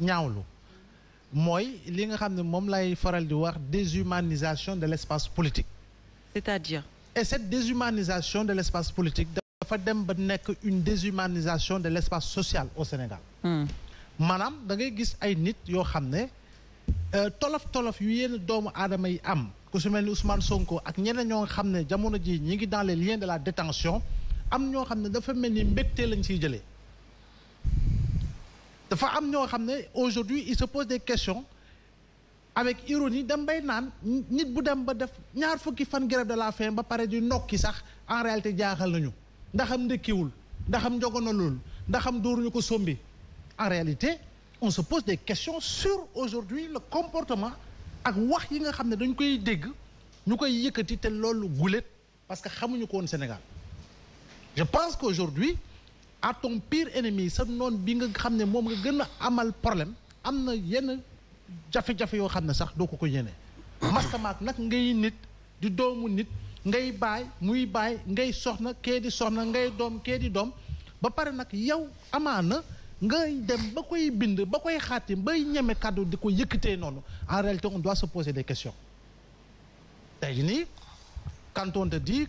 ñaawlu mooy li nga xam ne moom lay faral di wax déshumanisation de l' espace politique. c'est-à-dire. et cette de l' espace politique dafa dem ba nekk une déshumanisation de l' espace social au Sénégal. Hmm. maanaam da ngay gis ay nit yoo xam ne euh, tolof tolof yu yenn doomu aadama yi am ku su mel ni Ousmane Sonko ak ñeneen ñoo xam ne jamono ji ñi ngi dans les liens de la détention am ñoo xam ne dafa mel ni mbégte lañ ciy jëlee. dafa am ñoo xam ne aujourd'hui il se pose des questions avec ironie dem bay naan nit bu dem ba def ñaar fukki fan grève de la faim ba pare di nokki sax en réalité jaaxal nañu ndaxam ndëkkiwul ndaxam njogonalul ndaxam dóoruñu ko sombi en réalité on se pose des questions sur aujourd'hui la comportement ak wax yi nga xam ne dañ koy dégg ñu koy yëkkati te loolu guléet parce que xamuñu ko woon Sénégal je pense qu'aujourd'hui à piir pire ennemi sa noon bi nga xam ne moom nga gën a amal problème am na yenn jafe-jafe yoo xam ne sax doo ko ko yéene mastamaak nag ngay nit di doomu nit ngay baay muy baay ngay soxna kee di soxna ngay doom kee di doom ba pare nag yow amaana ngay dem ba koy bind ba koy xaatim bay ñeme kàddu di ko yëkkatee noonu en réalité on doit se poser des questions tey nii quand on te dit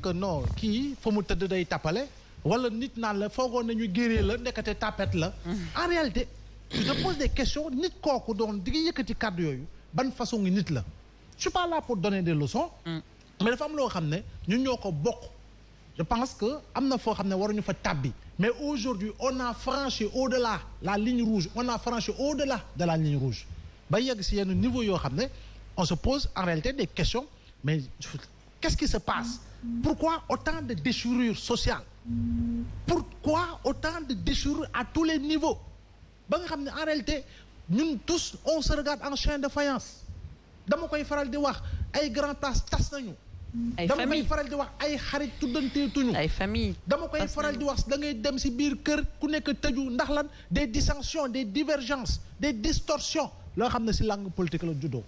kii fa mu tëdd day tappale wala nit naan la foogoon nañu géeree la nekkate tapette la en réalité je pose des questions nit kooku doon di yëkkati kàddu yooyu ban façon ngi nit la je pas la pour donner des leçons mm. mais dafa am loo xam ne ñu ñoo ko bokk je pense que am na foo xam ne waruñu fa tàbbi mais aujourd'hui on a franchi au de la la ligne rouge on a franchi au de la ligne rouge ba yegg si yenn niveau yoo xam ne on se pose en réalité des questions mais qu'est-ce qui se passe mm. pourquoi autant de déchirures sociales pourquoi autant de déchirures à tous les niveaux ba nga xam ne en ñun tous on se en chien de faïence dama koy faral di wax ay grand tas tas nañu ay dama koy faral di wax ay xarit tuddanteetuñu ay famille dama koy faral di wax da ngay dem si biir kër ku nekk tëju ndax lan des dissensions des divergences des distorsions loo xam ne si langue politique la juddoo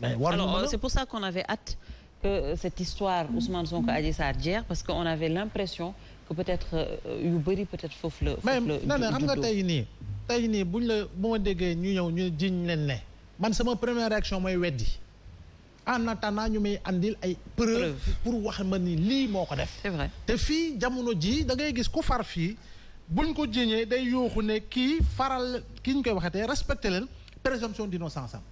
mais war na euh, c'est pour ça qu'on avait hâte que euh, cette histoire Ousmane Sonko Adji Sarr jeex parce que on avait l'impression que peut-être euh, yu bëri peut-être foofu la. foofu la xam nga tey nii tey nii buñ la bu ma déggee ñu ñëw ñu jiñ leen ne man sama première réaction mooy weddi en attendant ñu may andil ay preuve pour wax ma ni lii moo ko def. c'est vrai te fii jamono jii da ngay gis ku far fii buñ ko jiñee day yooxu ne kii faral ki ñu koy waxatee respecté leen présomption d'innocence am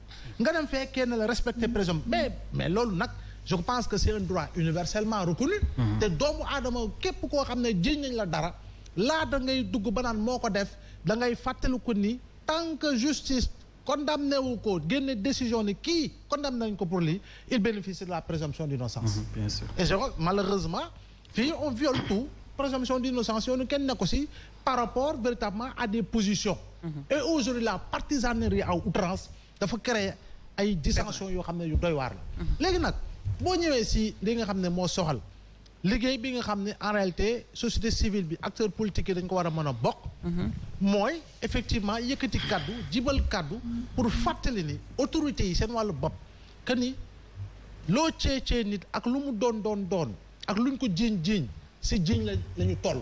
nga dem fee kenn la respecté présomption mais mais loolu nag. je pense que c'est un droit universellement reconnu mhm. te doomu aadama képp koo xam ne jiñ nañ la dara laata ngay dugg ba naan moo ko def dangay ngay fàttali ko ni tant que justice condamné wu ko génne décision ni kii condamné nañ ko pour lii il bénéficie de la présomption d'innocence mm -hmm, bien sûr et je malheureusement fii on viole tout présomption d'innocence yoonu kenn ne ko si par rapport véritablement à des positions mm -hmm. et aujourd'hui la partisanerie à outrance dafa créer ay dissensions yoo xam ne yu doy waar mhm. nag boo ñëwee si li nga xam ne moo soxal liggéey bi nga xam ne en réalité société civile bi acteur politique yi dañ ko war a mën a bokk. mooy effectivement yëkkati kàddu jibal kàddu pour fàttali ni autorités yi seen wàllu bopp que ni loo ceecee nit ak lu mu doon doon doon ak luñ ko jiiñ jiiñ si jiiñ la la toll.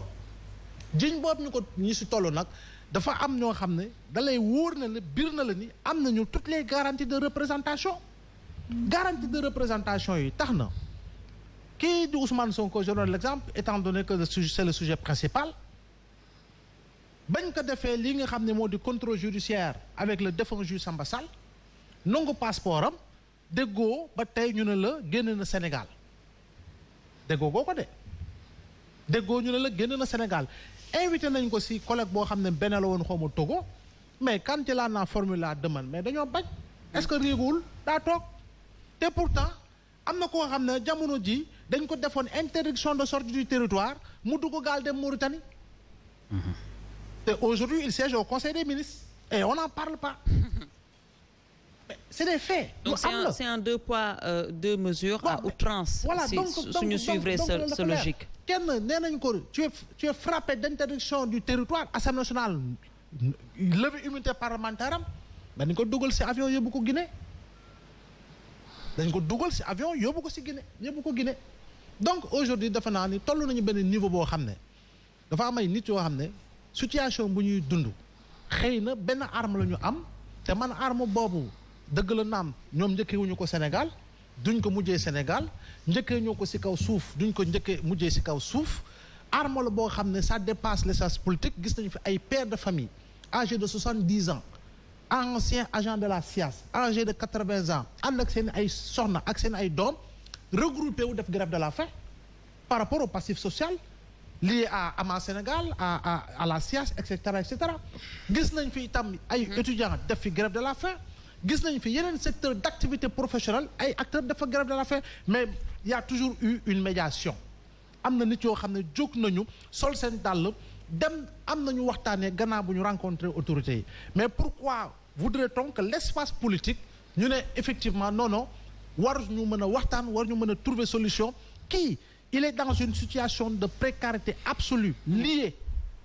jiiñ boobu ñu ko ñi si tollu nag dafa am ñoo xam ne dalay lay wóor na la biir na la ni am nañu toutes les garanties de représentation. garantie de représentation yi tax na kii di Ousmane Sonko je donne l'exemple étant donné que le sujet c'est le sujet principal bañ ko defee li nga xam ne moo di contrôle judiciaire avec le défunt juge Samba Sall nangu passeport am déggoo ba tey ñu ne la génn na Sénégal déggoo goo ko de déggoo ñu ne la génn na Sénégal invité nañ ko si collègue boo xam ne beneen la woon xawma Togo mais quand il en a formulé la demande mais dañoo bañ est-ce que réegul daa toog te pourtant am na koo xam ne jamono ji dañ ko defoon interdiction de sortie du territoire mu dugg gaal de Mauritanie. Mm-hmm. te aujourd'hui il siège au conseil des ministres et on n'en parle pas. c'est des faits. donc c'est un deux poids euh, deux mesures à outrance. voilà donc suñu suivre sa logique. kenn nee nañ ko tu es tu es frappé d'interdiction du territoire Assemblée nationale levée immunité parlementaire am dañ ko dugal ci avion yóbbu ko Guinée. dañ ko dugal si avion yóbbu ko si Guinée yóbbu ko gine donc aujourd'hui dafa naa ni toll nañu benn niveau boo xam ne dafa am ay nit yoo xam ne situation bu ñuy dund xëy na benn arme la ñu am te man arme boobu dëgg la naam ñoom njëkkewuñu ko Sénégal duñ ko mujjee Sénégal njëkkee ñoo ko si kaw suuf duñ ko njëkkee mujjee si kaw suuf arme la boo xam ne ça dépasse l'espace politique gis nañu fi ay pères de famille âgés de soixante-dix ans ancien agent de la SIAS âgé de quatre-vingts ans am nak seen ay soxna ak seen ay doom regrouper wu def grève de la faim par rapport au passif social lié à man Sénégal à à à la SIAS et cetera et gis nañ fi itam ay mhm. étudiants def fi grève de la faim gis nañ fi yeneen secteur d'activité professionnelle ay acteurs def fa de la faim mais ya toujours eu une médiation am na nit yoo xam ne jóg nañu sol seen dàll. dem am na ñu waxtaanee gannaaw bu ñu rencontré autorités yi mais pourquoi voudrait-on que l'espace politique ñu ne effectivement non war ñu mën a waxtaan war ñu mën a trouver solution kii il est dans une situation de précarité absolue liée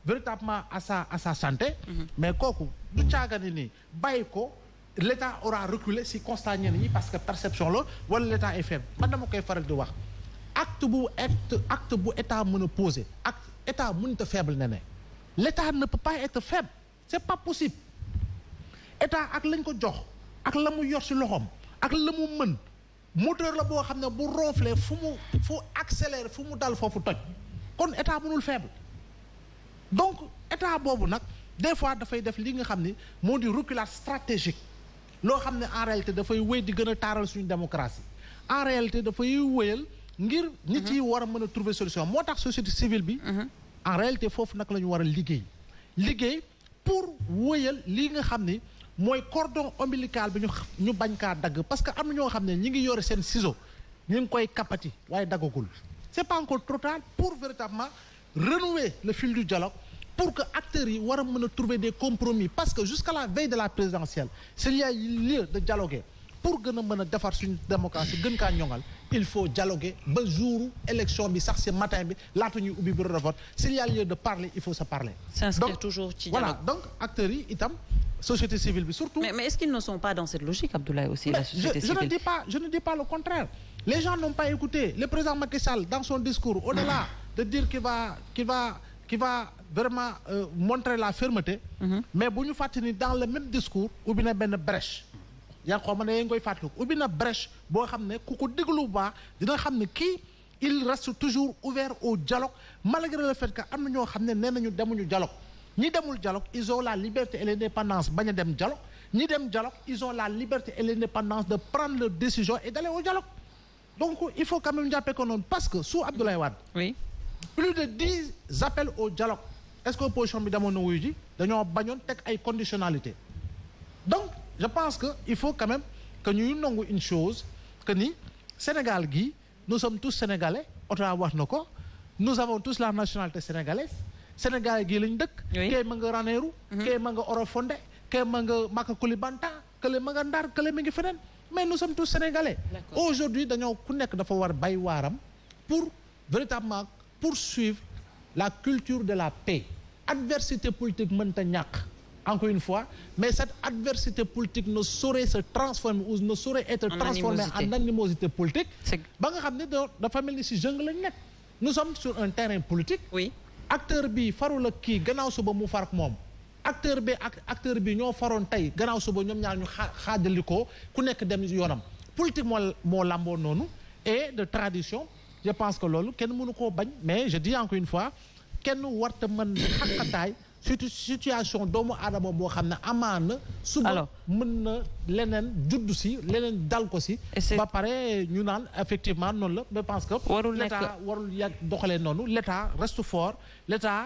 véritablement à sa à sa santé mhm. mais kooku du caagani nii bàyyi ko l'État aura reculé si constat ñenn ñi parce que perception la wala l'État est faible man dama koy faral di wax acte bu acte acte bu état mën a posé ak état mënut a faible ne ne l' état ne peut pas être faible c' est pas possible état ak lañ ko jox ak la mu yor si loxoom ak la mu mën moteur la boo xam ne bu ronfler fu mu fu accéléré fu mu dal foofu toj kon état mënul faible donc état boobu nag des fois dafay def li nga xam ni moo di reculade stratégique loo xam ne en réalité dafay wéy di gën a taaral suñu démocratie en réalité dafay wéyal. ngir nit yi war a mën a trouver solution moo tax société civile bi mhm. en réalité foofu nag la ñu war a liggéey liggéey pour wóyal li nga xam ni mooy cordon ombilical bi ñu ñu bañ kaa dagg parce que am na ñoo xam ne ñi ngi yore seen ciseau ñu ngi koy kapati waaye daggagul c'est pas encore pour véritablement renouer le fil du dialogue pour que acteurs yi war a mën a trouver des compromis parce que jusqu'à la veille de la présidentielle s'il y a lieu de dialoguer pour gën a mën a defar suñu démocratie gën kaa ñoŋal il faut dialoguer ba jour élection bi sax si matin bi laata ñuy ubbi bureau de vote s'il y a lieu de parler il faut se parler. s'inscrire toujours ci voilà donc acteurs yi itam société civile bi surtout. mais mais est-ce qu'ils ne sont pas dans cette logique Abdoulaye aussi. la société civile je ne dans son discours au-delà de dire qu'il va qu'il va vraiment euh, montrer la fermeté. Mm mais bu ñu fàttali ni dans le même discours ubbi na benn brèche. yaa ngi xooman ne yaa ngi koy fàttaliku ubbi na brèche boo xam ne ku ko déglu bu baax dina xam ne kii il reste toujours ouvert au dialogue malgré le fait que am na ñoo xam ne nee nañu demuñu dialogue ñi demul dialogue ils ont la liberté et l'indépendance bañ a dem dialogue ñi dem dialogue ils ont la liberté et l'indépendance de prendre leur décision et d'aller au dialogue donc il faut quand même jàppee ko noonu parce que sous Abdoulaye Wade oui plus de dix appels au dialogue est-ce que opposition bi demoon na wuyu ji dañoo bañoon teg ay conditionnalité je pense que il faut quand même que ñuy nangu une chose que ni Sénégal gi nous sommes tous sénégalais Ottawa wax na ko nous avons tous la nationalité sénégalaise Sénégal gii lañ dëkk. kay ma nga Ranérou. Mhm. kay ma nga Orofondé kay ma nga Maka Koulibanta kële ma nga Ndar kële mi ngi feneen mais nous sommes tous sénégalais. aujourd'hui dañoo ku nekk dafa war bay waaram pour véritablement poursuivre la culture de la paix. adversité politique mënta ñàkk. encore une fois mais cette adversité politique ne saurait se transformer ou ne saurait être transformée en animosité politique ba nga xam ne dafa mel ni si jungle lañ nekk nous sommes sur un terrain politique oui acteur bi farul ak kii gannaaw suba mu farak moom acteur bi ak acteur bi ñoo faroon tey gannaaw suba ñoom ñaar ñu xaa xaajalikoo ku nekk dem yoonam politique moo moo lamboo noonu et de tradition je pense que loolu kenn mënu koo bañ mais je dis encore une fois kenn warta mën xaqataay surtout situation doomu aadama boo xam ne amaan na suba mën na leneen judd si leneen dal ko si ba pare ñu naan effectivement noonu la je pense que l'état warul yàgg doxalee noonu l'état reste fort l'état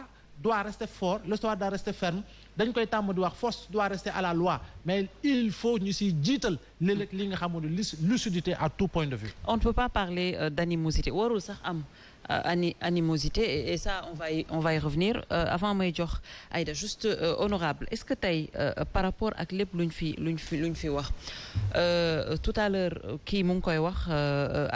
doit rester fort l'histoire doit rester ferme dañ koy tàmm di wax force doit rester à la loi mais il faut ñu si jiital léeg-léeg li nga xamoon lucidité à tout point de vue on ne peut pas parler euh, d'animosité warul sax am Euh, ani animosité et ça on va y on euh, avant may jox Aïda juste euh, honorable est-ce que tey par rapport ak lépp luñ fi luñ fi luñ fi wax tout à l'heure kii mu ngi koy wax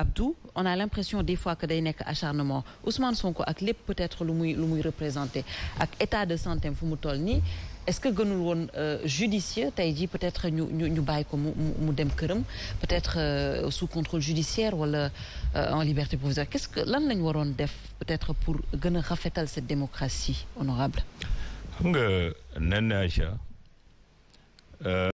Abdou on a l'impression des fois que day nekk acharnement Ousmane Sonko ak lépp peut-être lu muy lu muy représenté ak état de santé fu mu toll nii est-ce que gënul woon judicieux tey jii peut-être ñu ñu ñu bàyyi ko mu mu dem këram peut-être sous contrôle judiciaire wala en liberté provisoire quest que lan lañ waroon waroon def peut-être pour gën a rafetal cette démocratie honorable xam nga nen